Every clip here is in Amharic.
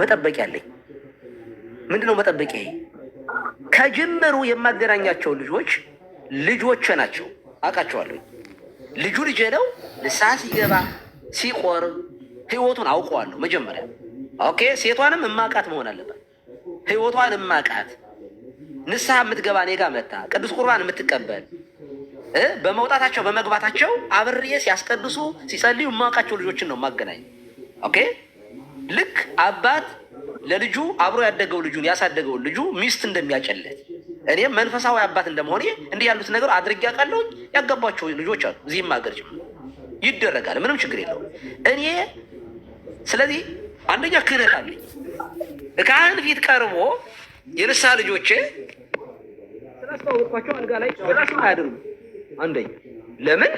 መጠበቂያ አለኝ። ምንድነው መጠበቂያ? ከጅምሩ የማገናኛቸው ልጆች ልጆች ናቸው፣ አውቃቸዋለሁ። ልጁ ልጅ ነው። ንስሐ ሲገባ ሲቆርብ ህይወቱን አውቀዋለሁ። መጀመሪያ ኦኬ፣ ሴቷንም እማቃት መሆን አለበት። ህይወቷን እማቃት ንስሐ የምትገባ እኔ ጋ መታ ቅዱስ ቁርባን የምትቀበል በመውጣታቸው በመግባታቸው አብርዬ ሲያስቀድሱ ሲጸልዩ የማውቃቸው ልጆችን ነው ማገናኝ ኦኬ ልክ አባት ለልጁ አብሮ ያደገው ልጁን ያሳደገው ልጁ ሚስት እንደሚያጨለት እኔም መንፈሳዊ አባት እንደመሆኔ እንዲህ ያሉት ነገር አድርጌ አውቃለሁ። ያገባቸው ልጆች አሉ፣ እዚህም ሀገር ይደረጋል። ምንም ችግር የለው። እኔ ስለዚህ አንደኛ ክህነት አለኝ። ካህን ፊት ቀርቦ የንሳ ልጆቼ ስላስተዋወቅኳቸው አልጋ ላይ በጣም አያድሩ። አንደኛ ለምን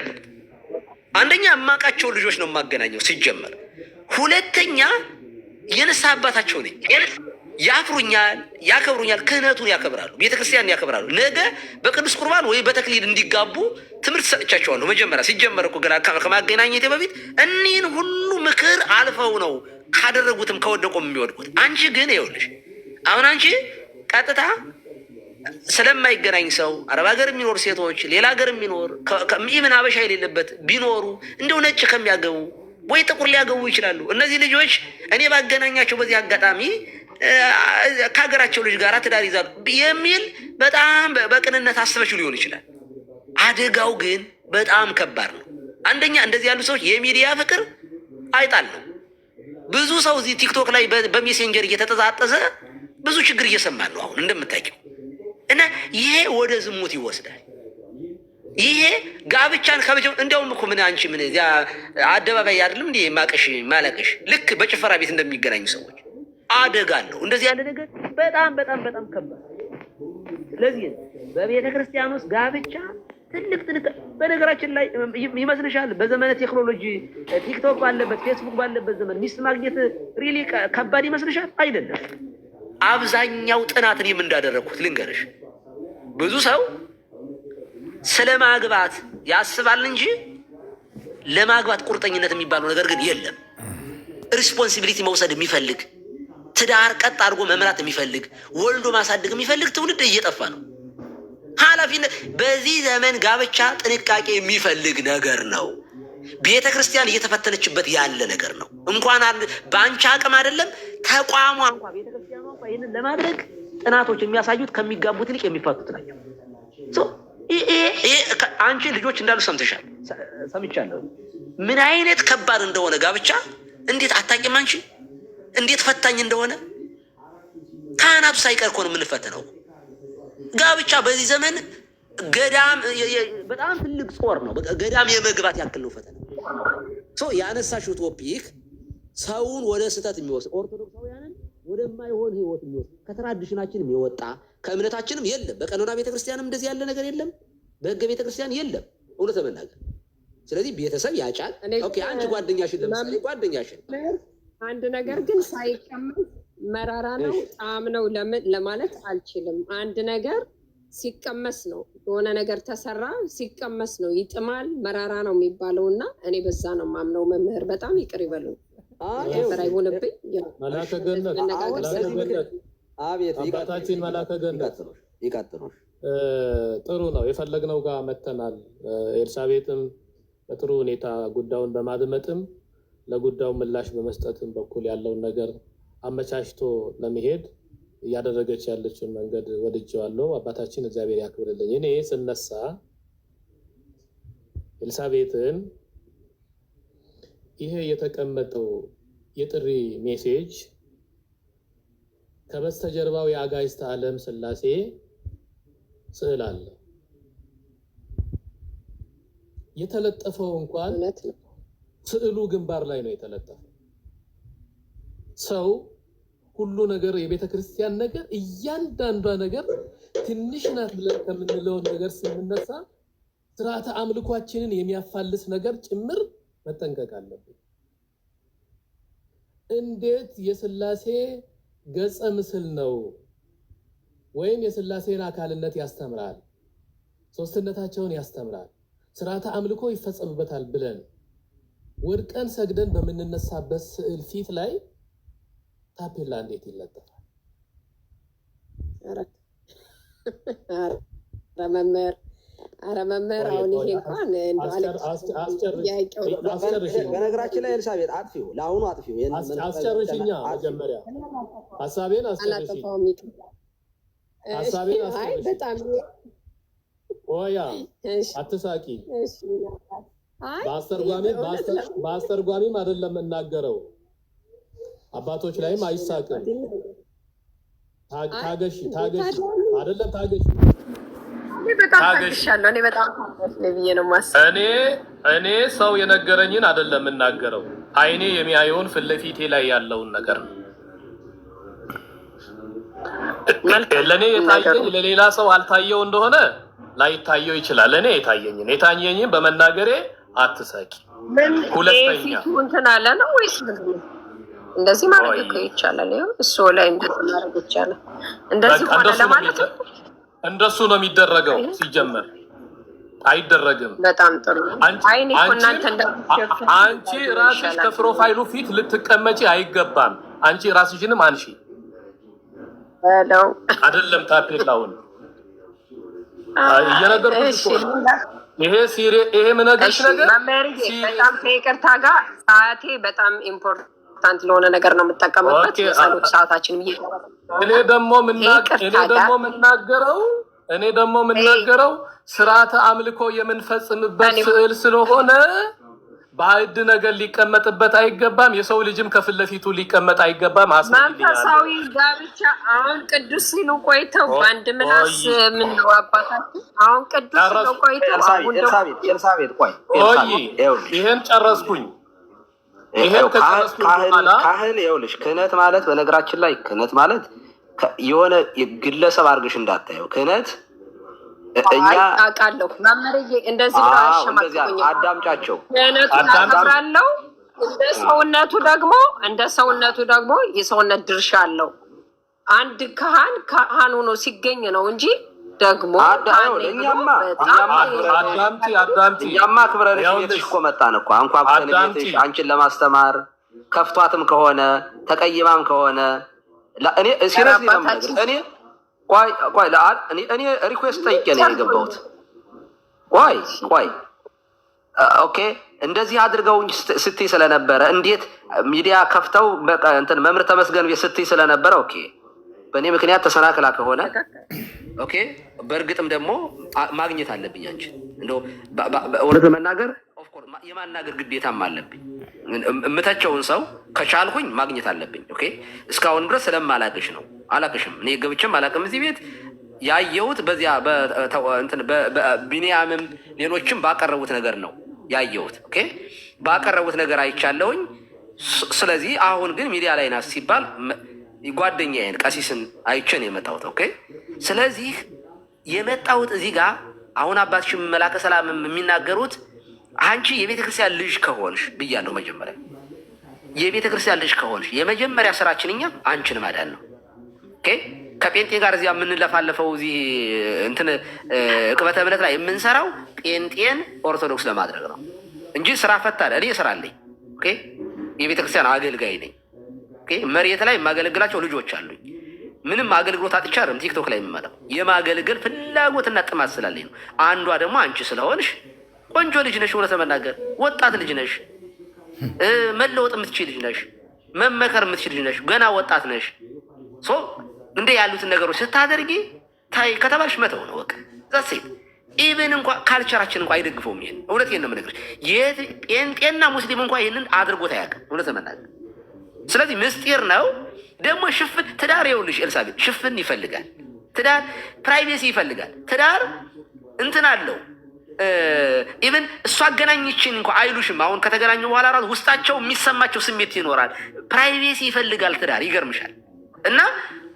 አንደኛ የማውቃቸውን ልጆች ነው የማገናኘው ሲጀመር ሁለተኛ የንስሐ አባታቸው ነኝ። ያፍሩኛል፣ ያከብሩኛል፣ ክህነቱን ያከብራሉ፣ ቤተክርስቲያን ያከብራሉ። ነገ በቅዱስ ቁርባን ወይ በተክሊል እንዲጋቡ ትምህርት ሰጥቻቸዋለሁ። መጀመሪያ ሲጀመር እኮ ገና ከማገናኘቴ በፊት እኒህን ሁሉ ምክር አልፈው ነው ካደረጉትም ከወደቁም የሚወድቁት። አንቺ ግን ይኸውልሽ አሁን አንቺ ቀጥታ ስለማይገናኝ ሰው አረብ ሀገር የሚኖር ሴቶች ሌላ ሀገር የሚኖር ኢቨን አበሻ የሌለበት ቢኖሩ እንደው ነጭ ከሚያገቡ ወይ ጥቁር ሊያገቡ ይችላሉ። እነዚህ ልጆች እኔ ባገናኛቸው በዚህ አጋጣሚ ከሀገራቸው ልጅ ጋር ትዳር ይዛሉ የሚል በጣም በቅንነት አስበችው ሊሆን ይችላል። አደጋው ግን በጣም ከባድ ነው። አንደኛ እንደዚህ ያሉ ሰዎች የሚዲያ ፍቅር አይጣል ነው። ብዙ ሰው እዚህ ቲክቶክ ላይ በሜሴንጀር እየተጠጣጠሰ ብዙ ችግር እየሰማ ነው አሁን እንደምታውቂው እና ይሄ ወደ ዝሙት ይወስዳል። ይሄ ጋብቻን ከብቻ እንዲያውም እኮ ምን አንቺ ምን እዚያ አደባባይ አይደለም እንዲ ማቀሽ ማለቅሽ ልክ በጭፈራ ቤት እንደሚገናኙ ሰዎች አደጋ አለው። እንደዚህ ያለ ነገር በጣም በጣም በጣም ከባድ። ስለዚህ በቤተ ክርስቲያን ውስጥ ጋብቻ ትልቅ ትልቅ በነገራችን ላይ ይመስልሻል? በዘመነ ቴክኖሎጂ ቲክቶክ ባለበት ፌስቡክ ባለበት ዘመን ሚስት ማግኘት ሪሊ ከባድ ይመስልሻል? አይደለም። አብዛኛው ጥናትን እኔም እንዳደረግኩት ልንገርሽ ብዙ ሰው ስለ ማግባት ያስባል እንጂ ለማግባት ቁርጠኝነት የሚባለው ነገር ግን የለም። ሪስፖንሲቢሊቲ መውሰድ የሚፈልግ ትዳር ቀጥ አድርጎ መምራት የሚፈልግ ወልዶ ማሳደግ የሚፈልግ ትውልድ እየጠፋ ነው። ኃላፊነት በዚህ ዘመን ጋብቻ ጥንቃቄ የሚፈልግ ነገር ነው። ቤተ ክርስቲያን እየተፈተነችበት ያለ ነገር ነው። እንኳን በአንቺ አቅም አይደለም ተቋሟ እንኳ ይህንን ለማድረግ ጥናቶች የሚያሳዩት ከሚጋቡት ይልቅ የሚፈቱት ናቸው። አንቺ ልጆች እንዳሉ ሰምተሻል፣ ሰምቻለሁ። ምን አይነት ከባድ እንደሆነ ጋብቻ እንዴት አታቂም? አንቺ እንዴት ፈታኝ እንደሆነ ካህናቱ ሳይቀር እኮ ነው የምንፈተነው። ጋብቻ በዚህ ዘመን ገዳም በጣም ትልቅ ጾር ነው። ገዳም የመግባት ያክል ነው ፈተና። ያነሳሽው ቶፒክ ሰውን ወደ ስህተት የሚወስድ ኦርቶዶክሳውያንን ወደማይሆን ህይወት የሚወስድ ከትራዲሽናችንም የወጣ ከእምነታችንም የለም። በቀኖና ቤተክርስቲያንም እንደዚህ ያለ ነገር የለም። በህገ ቤተክርስቲያን የለም። እውነት ለመናገር ስለዚህ ቤተሰብ ያጫል። አንቺ ጓደኛሽን ለምሳሌ ጓደኛሽን አንድ ነገር ግን ሳይቀመጥ መራራ ነው ጣዕም ነው ለምን ለማለት አልችልም። አንድ ነገር ሲቀመስ ነው የሆነ ነገር ተሰራ ሲቀመስ ነው ይጥማል መራራ ነው የሚባለው እና እኔ በዛ ነው ማምነው። መምህር በጣም ይቅር ይበሉኝ። ያፈራ ይሆንብኝ አባታችን መላከ ገነት ጥሩ ነው። የፈለግነው ጋር መተናል። ኤልሳቤጥም በጥሩ ሁኔታ ጉዳዩን በማድመጥም ለጉዳዩ ምላሽ በመስጠትም በኩል ያለውን ነገር አመቻችቶ ለመሄድ እያደረገች ያለችውን መንገድ ወድጄዋለሁ። አባታችን እግዚአብሔር ያክብርልኝ። እኔ ስነሳ ኤልሳቤጥን ይሄ የተቀመጠው የጥሪ ሜሴጅ ከበስተጀርባው የአጋዕዝተ ዓለም ስላሴ ስዕል አለ። የተለጠፈው እንኳን ስዕሉ ግንባር ላይ ነው የተለጠፈው። ሰው ሁሉ ነገር የቤተ ክርስቲያን ነገር እያንዳንዷ ነገር ትንሽ ናት ብለን ከምንለውን ነገር ስንነሳ ስርዓተ አምልኳችንን የሚያፋልስ ነገር ጭምር መጠንቀቅ አለብን። እንዴት የስላሴ ገጸ ምስል ነው ወይም የስላሴን አካልነት ያስተምራል፣ ሶስትነታቸውን ያስተምራል፣ ስርዓተ አምልኮ ይፈጸምበታል ብለን ወድቀን ሰግደን በምንነሳበት ስዕል ፊት ላይ ታፔላ እንዴት ይለጠፋል? መምህር ኧረ መምህር አሁን ይሄ እንኳን በነገራችን ላይ አጥፊው ለአሁኑ አጥፊው አስጨርሽኛ መጀመሪያ ሀሳቤን በጣም አትሳቂ። በአስተርጓሚም አይደለም እናገረው አባቶች ላይም አይሳቅም። ታገሺ ታገሺ አይደለም ታገሺ እኔ ሰው የነገረኝን አይደለም የምናገረው፣ አይኔ የሚያየውን ፊት ለፊቴ ላይ ያለውን ነገር ለእኔ የታየኝ ለሌላ ሰው አልታየው እንደሆነ ላይታየው ይችላል። እኔ የታየኝን የታየኝን በመናገሬ አትሰቂ። ሁለተኛ እንትን አለ ነው ወይስ እንደዚህ ማድረግ ይቻላል? እሱ ላይ እንደዚህ ማድረግ ይቻላል። እንደዚህ ሆነ ለማለት ነው እንደሱ ነው የሚደረገው። ሲጀመር አይደረግም። በጣም ጥሩ። አንቺ ራስሽ ከፕሮፋይሉ ፊት ልትቀመጪ አይገባም። አንቺ ራስሽንም አንሺ። አይደለም ታፔላውን እየነገርኩሽ ይሄ ሲሪ ይሄ ምነግርሽ ነገር በጣም ከይቅርታ ጋር ሰዓቴ በጣም ኢምፖርት ኢምፖርታንት ለሆነ ነገር ነው የምጠቀምበት። የጸሎት ሰዓታችን እኔ ደግሞ የምናገረው እኔ ደግሞ የምናገረው ስርዓተ አምልኮ የምንፈጽምበት ስዕል ስለሆነ በአይድ ነገር ሊቀመጥበት አይገባም። የሰው ልጅም ከፊት ለፊቱ ሊቀመጥ አይገባም። መንፈሳዊ ጋብቻ አሁን ቅዱስ ሲሉ ቆይተው በአንድ ምናስ ምንለው አባታችን አሁን ቅዱስ ሲሉ ቆይተው ይሄን ጨረስኩኝ። ካህን ይኸውልሽ፣ ክህነት ማለት በነገራችን ላይ ክህነት ማለት የሆነ ግለሰብ አድርግሽ እንዳታየው ክህነት እኛ አውቃለሁ መምህርዬ፣ እንደዚህ ብለው አዳምጫቸው። ክህነቱን እንደ ሰውነቱ ደግሞ እንደ ሰውነቱ ደግሞ የሰውነት ድርሻ አለው። አንድ ካህን ካህን ሆኖ ሲገኝ ነው እንጂ ደግሞ እኛማ አዳምጪ አዳምጪ እኛማ ክብረንሽ ቤትሽ እኮ መጣን እኮ አንኳኩተን ቤትሽ አንቺን ለማስተማር ከፍቷትም ከሆነ ተቀይማም ከሆነ እኔ ሲሪየስሊ ለምነግርሽ እኔ ቆይ ቆይ ለአል እኔ እኔ ሪኩዌስት ጠይቄ ነው የገባሁት። ቆይ ቆይ ኦኬ እንደዚህ አድርገው ስትይ ስለነበረ እንዴት ሚዲያ ከፍተው እንትን መምህር ተመስገን ቤት ስትይ ስለነበረ ኦኬ በእኔ ምክንያት ተሰናክላ ከሆነ ኦኬ። በእርግጥም ደግሞ ማግኘት አለብኝ አንቺ እንደው እውነት ለመናገር የማናገር ግዴታም አለብኝ። የምተቸውን ሰው ከቻልኩኝ ማግኘት አለብኝ። ኦኬ። እስካሁን ድረስ ስለማላቅሽ ነው። አላቅሽም፣ እኔ ገብቼም አላቅም እዚህ ቤት ያየሁት በዚያ ቢኒያምም ሌሎችም ባቀረቡት ነገር ነው ያየሁት። ኦኬ ባቀረቡት ነገር አይቻለሁኝ። ስለዚህ አሁን ግን ሚዲያ ላይ ናት ሲባል ጓደኛዬን ቀሲስን አይቼን የመጣሁት ኦኬ። ስለዚህ የመጣሁት እዚህ ጋር አሁን አባትሽም መላከ ሰላም የሚናገሩት አንቺ የቤተ ክርስቲያን ልጅ ከሆንሽ ብያለሁ። መጀመሪያ የቤተ ክርስቲያን ልጅ ከሆንሽ የመጀመሪያ ስራችን እኛ አንቺን ማዳን ነው። ከጴንጤ ጋር እዚያ የምንለፋለፈው እዚህ እንትን እቅበተ እምነት ላይ የምንሰራው ጴንጤን ኦርቶዶክስ ለማድረግ ነው እንጂ ስራ ፈታለ እኔ ስራ አለኝ። የቤተ አገልጋይ ነኝ። መሬት ላይ የማገለግላቸው ልጆች አሉኝ። ምንም አገልግሎት አጥቻ አይደለም ቲክቶክ ላይ የምመጣው የማገልገል ፍላጎትና ጥማት ስላለኝ ነው። አንዷ ደግሞ አንቺ ስለሆንሽ ቆንጆ ልጅ ነሽ፣ እውነት ለመናገር ወጣት ልጅ ነሽ፣ መለወጥ የምትችል ልጅ ነሽ፣ መመከር የምትችል ልጅ ነሽ፣ ገና ወጣት ነሽ። ሶ እንደ ያሉትን ነገሮች ስታደርጊ ታይ ከተባልሽ መተው ነው በቃ ዛሴ ኢቨን እንኳ ካልቸራችን እንኳ አይደግፈውም። ይሄን እውነት ይሄን ነው የምነግርሽ። ጴንጤና ሙስሊም እንኳ ይህንን አድርጎት አያውቅም እውነት ለመናገር ስለዚህ ምስጢር ነው ደግሞ ሽፍን ትዳር የውልሽ ኤልሳቤጥ ሽፍን ይፈልጋል። ትዳር ፕራይቬሲ ይፈልጋል። ትዳር እንትን አለው። ኢቨን እሱ አገናኝችን እንኳ አይሉሽም። አሁን ከተገናኙ በኋላ ራሱ ውስጣቸው የሚሰማቸው ስሜት ይኖራል። ፕራይቬሲ ይፈልጋል ትዳር ይገርምሻል። እና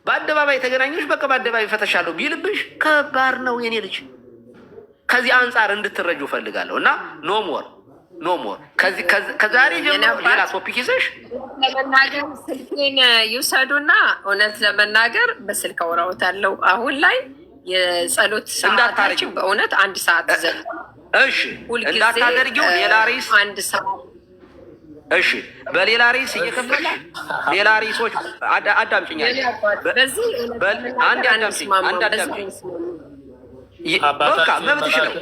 በአደባባይ ተገናኞች በቃ በአደባባይ ፈተሻለሁ ቢልብሽ ከባድ ነው የኔ ልጅ። ከዚህ አንጻር እንድትረጁ እፈልጋለሁ እና ኖሞር ኖ ሞር ከዛሬ ጀምሮ ሌላ ቶፒክ ይዘሽ ለመናገር ስልኬን ይውሰዱና እውነት ለመናገር በስልክ አውራወታለሁ። አሁን ላይ የጸሎት ሰዓታችን በእውነት አንድ ሰዓት ዘ እሺ፣ እንዳታደርጊው ሌላ ሬስ አንድ ሰዓት እሺ፣ በሌላ ሬስ እየከፈለ ሌላ ሬሶች አዳምጭኛል። በዚህ አንድ አዳምጭኝ አንድ አዳምጭኝ በቃ መብትሽ ነው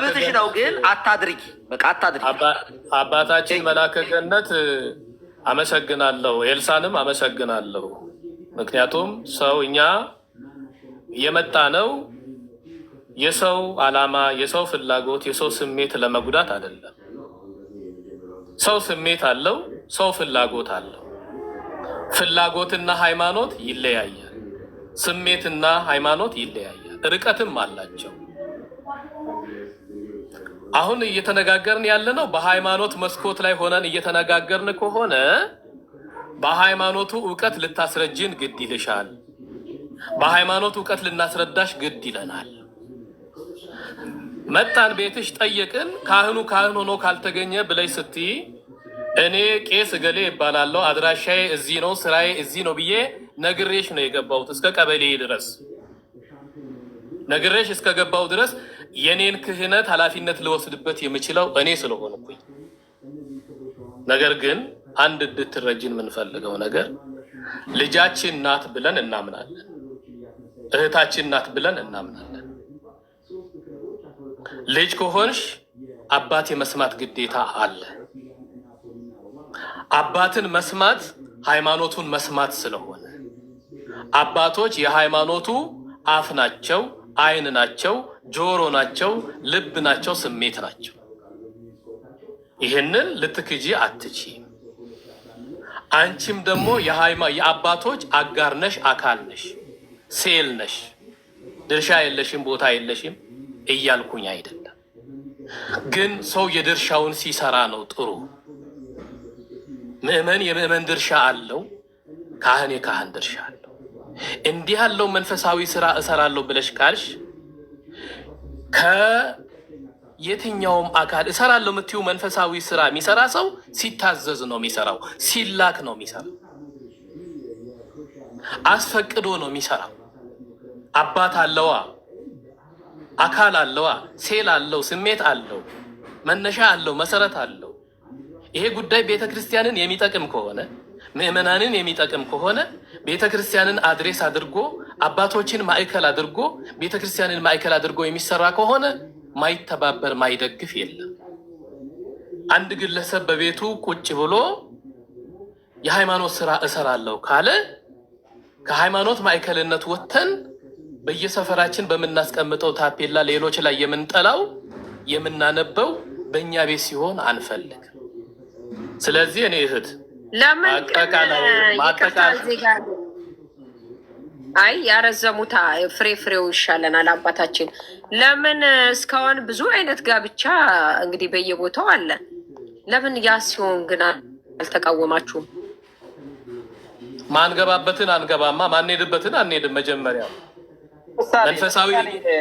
መብትሽ ነው፣ ግን አታድርጊ። በቃ አታድርጊ። አባታችን መላከ ገነት አመሰግናለሁ፣ ኤልሳንም አመሰግናለሁ። ምክንያቱም ሰው እኛ የመጣ ነው የሰው አላማ፣ የሰው ፍላጎት፣ የሰው ስሜት ለመጉዳት አይደለም። ሰው ስሜት አለው፣ ሰው ፍላጎት አለው። ፍላጎትና ሃይማኖት ይለያያል። ስሜትና ሃይማኖት ይለያያል። ርቀትም አላቸው። አሁን እየተነጋገርን ያለነው በሃይማኖት መስኮት ላይ ሆነን እየተነጋገርን ከሆነ በሃይማኖቱ እውቀት ልታስረጅን ግድ ይልሻል። በሃይማኖት እውቀት ልናስረዳሽ ግድ ይለናል። መጣን፣ ቤትሽ ጠየቅን። ካህኑ ካህን ሆኖ ካልተገኘ ብለሽ ስትይ እኔ ቄስ እገሌ ይባላለሁ፣ አድራሻዬ እዚህ ነው፣ ስራዬ እዚህ ነው ብዬ ነግሬሽ ነው የገባሁት እስከ ቀበሌ ድረስ ነግሬሽ እስከገባው ድረስ የኔን ክህነት ኃላፊነት ልወስድበት የምችለው እኔ ስለሆንኩኝ። ነገር ግን አንድ እንድትረጅን የምንፈልገው ነገር ልጃችን ናት ብለን እናምናለን፣ እህታችን ናት ብለን እናምናለን። ልጅ ከሆንሽ አባት የመስማት ግዴታ አለ። አባትን መስማት ሃይማኖቱን መስማት ስለሆነ አባቶች የሃይማኖቱ አፍ ናቸው። አይን ናቸው፣ ጆሮ ናቸው፣ ልብ ናቸው፣ ስሜት ናቸው። ይህንን ልትክጂ አትቺ። አንቺም ደግሞ የሃይማ የአባቶች አጋር ነሽ፣ አካል ነሽ፣ ሴል ነሽ። ድርሻ የለሽም፣ ቦታ የለሽም እያልኩኝ አይደለም። ግን ሰው የድርሻውን ሲሰራ ነው ጥሩ። ምእመን የምእመን ድርሻ አለው፣ ካህን የካህን ድርሻ አለው። እንዲህ ያለው መንፈሳዊ ስራ እሰራለሁ ብለሽ ካልሽ ከየትኛውም አካል እሰራለሁ የምትዩ መንፈሳዊ ስራ የሚሰራ ሰው ሲታዘዝ ነው የሚሰራው፣ ሲላክ ነው የሚሰራው፣ አስፈቅዶ ነው የሚሰራው። አባት አለዋ፣ አካል አለዋ፣ ሴል አለው፣ ስሜት አለው፣ መነሻ አለው፣ መሰረት አለው። ይሄ ጉዳይ ቤተ ክርስቲያንን የሚጠቅም ከሆነ ምእመናንን የሚጠቅም ከሆነ ቤተ ክርስቲያንን አድሬስ አድርጎ አባቶችን ማዕከል አድርጎ ቤተ ክርስቲያንን ማዕከል አድርጎ የሚሰራ ከሆነ ማይተባበር ማይደግፍ የለም። አንድ ግለሰብ በቤቱ ቁጭ ብሎ የሃይማኖት ስራ እሰራለሁ ካለ ከሃይማኖት ማዕከልነት ወጥተን በየሰፈራችን በምናስቀምጠው ታፔላ ሌሎች ላይ የምንጠላው የምናነበው በእኛ ቤት ሲሆን አንፈልግ። ስለዚህ እኔ እህት ለምን ዜጋ አይ ያረዘሙታ ፍሬ ፍሬው ይሻለናል። አባታችን ለምን እስካሁን ብዙ አይነት ጋብቻ እንግዲህ በየቦታው አለ። ለምን ያ ሲሆን ግን አልተቃወማችሁም? ማንገባበትን አንገባማ፣ ማንሄድበትን አንሄድም። መጀመሪያ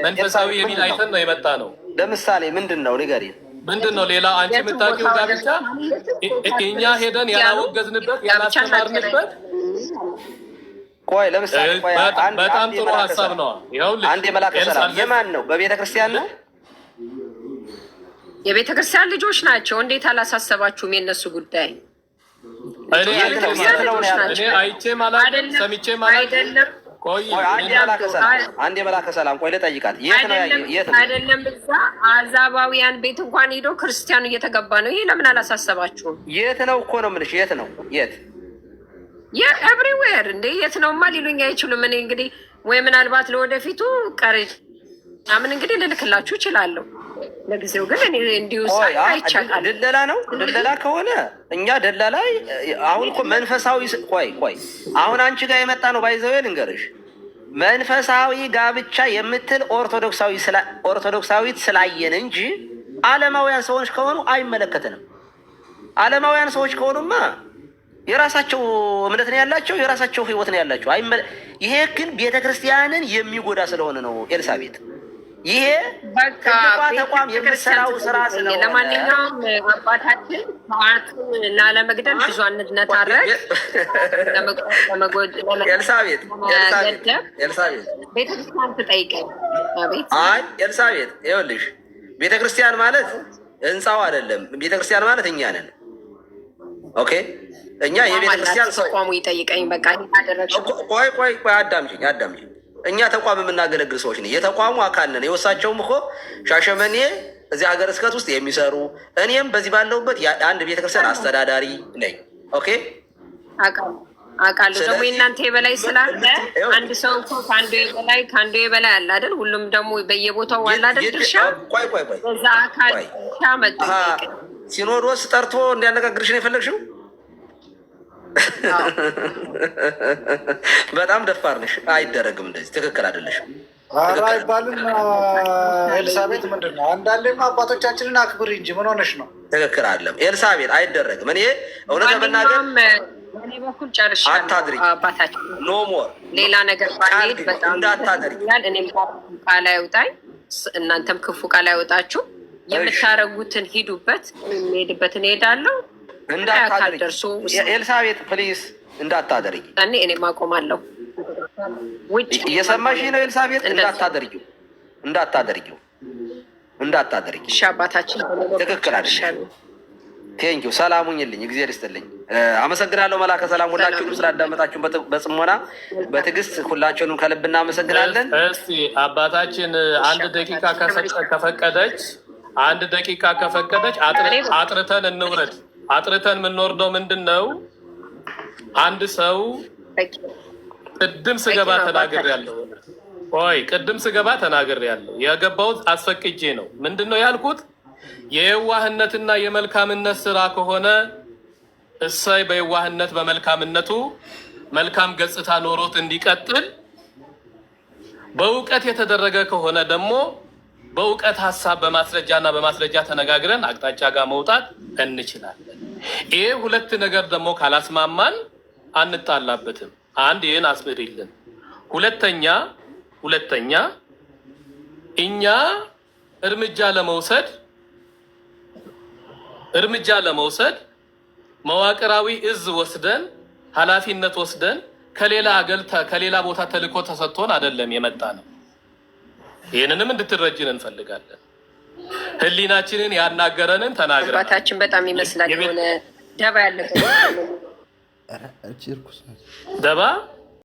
መንፈሳዊ የሚል አይተን ነው የመጣ ነው። ለምሳሌ ምንድን ነው ንገሪን ምንድን ነው ሌላ አንቺ የምታውቂው ጋብቻ እኛ ሄደን ያላወገዝንበት ያላስተማርንበት? ቆይ ለምሳሌ በጣም ጥሩ ሀሳብ ነው። ይኸውልሽ አንድ የመላከ ሰላም የማን ነው? በቤተ ክርስቲያን ነው። የቤተ ክርስቲያን ልጆች ናቸው። እንዴት አላሳሰባችሁም? የእነሱ ጉዳይ እኔ አይቼ ማለት ሰምቼ ማለት አይደለም አንድ የመላከ ሰላም ቆይ ልጠይቃት። አይደለም እዛ አዛባውያን ቤት እንኳን ሄዶ ክርስቲያኑ እየተገባ ነው። ይሄ ለምን አላሳሰባችሁም? የት ነው እኮ ነው የምልሽ። የት ነው የት የኤቭሪዌር እንዴ የት ነውማ ሊሉኝ አይችሉም። እኔ እንግዲህ ወይ ምናልባት ለወደፊቱ ቀሬጅ ምን እንግዲህ ልልክላችሁ እችላለሁ። ለጊዜው ግን እንዲሁ አይቻልም። ደላላ ነው ደላላ ከሆነ እኛ ደላላ አሁን መንፈሳዊ ቆይ ቆይ አሁን አንቺ ጋር የመጣ ነው ባይዘዌ ልንገርሽ መንፈሳዊ ጋብቻ የምትል ኦርቶዶክሳዊት ስላየን እንጂ አለማውያን ሰዎች ከሆኑ አይመለከትንም። አለማውያን ሰዎች ከሆኑማ የራሳቸው እምነት ነው ያላቸው፣ የራሳቸው ህይወት ነው ያላቸው። ይሄ ግን ቤተ ክርስቲያንን የሚጎዳ ስለሆነ ነው ኤልሳቤጥ ይሄ ተቋም የምሰራው ስራ ስለሆነ ለማንኛውም አባታችን እና ለመግደል ብዙ አንድነታረግ ኤልሳቤጥ ቤተክርስቲያን ትጠይቀኝ። አይ ይኸውልሽ፣ ቤተክርስቲያን ማለት ህንፃው አይደለም። ቤተክርስቲያን ማለት እኛ ነን። ኦኬ እኛ የቤተክርስቲያን ሰው ቋሙ ይጠይቀኝ። በቃ ቆይ ቆይ ቆይ፣ አዳምጪኝ አዳምጪኝ እኛ ተቋም የምናገለግል ሰዎች ነ የተቋሙ አካል ነን። የወሳቸውም እኮ ሻሸመኔ እዚህ ሀገረ ስብከት ውስጥ የሚሰሩ እኔም በዚህ ባለሁበት አንድ ቤተክርስቲያን አስተዳዳሪ ነኝ። ኦኬ አቃሉ ደግሞ የእናንተ የበላይ ስላለ አንድ ሰው እኮ ከአንዱ የበላይ ከአንዱ የበላይ አለ አይደል? ሁሉም ደግሞ በየቦታው አለ አይደል? ድርሻ በዛ አካል ድርሻ መጠየቅ ሲኖዶስ ጠርቶ እንዲያነጋግርሽ ነው የፈለግሽው? በጣም ደፋር ነሽ። አይደረግም እንደዚህ ትክክል አይደለሽም። ኧረ አይባልም። ኤልሳቤጥ ምንድን ነው አንዳንዴም አባቶቻችንን አክብር እንጂ ምን ሆነሽ ነው? ትክክል አይደለም ኤልሳቤት አይደረግም። እኔ እውነት ለመናገር እኔ እናንተም ክፉ ቃል አይወጣችሁ። የምታረጉትን ሂዱበት፣ የሚሄድበትን እሄዳለሁ። እንዳታደርሱ ኤልሳቤጥ ፕሊዝ እንዳታደርጊ። እኔ እኔ ማቆም ውጭ እየሰማሽ ነው። ኤልሳቤጥ እንዳታደርጊው፣ እንዳታደርጊው፣ እንዳታደርጊ። እሺ አባታችን ትክክል አይደል? ቴንኪው ሰላሙኝልኝ፣ እግዚአብሔር ይስጥልኝ። አመሰግናለሁ። መላከ ሰላም ሁላችሁንም ስላዳመጣችሁን በጽሞና በትዕግስት ሁላችሁንም ከልብ እናመሰግናለን። እስቲ አባታችን አንድ ደቂቃ ከፈቀደች አንድ ደቂቃ ከፈቀደች አጥርተን እንውረድ። አጥርተን የምንወርደው ምንድን ነው? አንድ ሰው ቅድም ስገባ ተናገር ያለው ቆይ ቅድም ስገባ ተናገር ያለው የገባሁት አስፈቅጄ ነው። ምንድን ነው ያልኩት? የየዋህነትና የመልካምነት ስራ ከሆነ እሰይ በየዋህነት በመልካምነቱ መልካም ገጽታ ኖሮት እንዲቀጥል፣ በእውቀት የተደረገ ከሆነ ደግሞ በእውቀት ሀሳብ በማስረጃና በማስረጃ ተነጋግረን አቅጣጫ ጋር መውጣት እንችላለን። ይህ ሁለት ነገር ደግሞ ካላስማማን አንጣላበትም። አንድ ይህን አስምሪልን። ሁለተኛ ሁለተኛ እኛ እርምጃ ለመውሰድ እርምጃ ለመውሰድ መዋቅራዊ እዝ ወስደን ኃላፊነት ወስደን ከሌላ ከሌላ ቦታ ተልእኮ ተሰጥቶን አይደለም የመጣ ነው። ይህንንም እንድትረጅን እንፈልጋለን። ህሊናችንን ያናገረንን ተናግረን አባታችን በጣም ይመስላል የሆነ ደባ ያለበት ደባ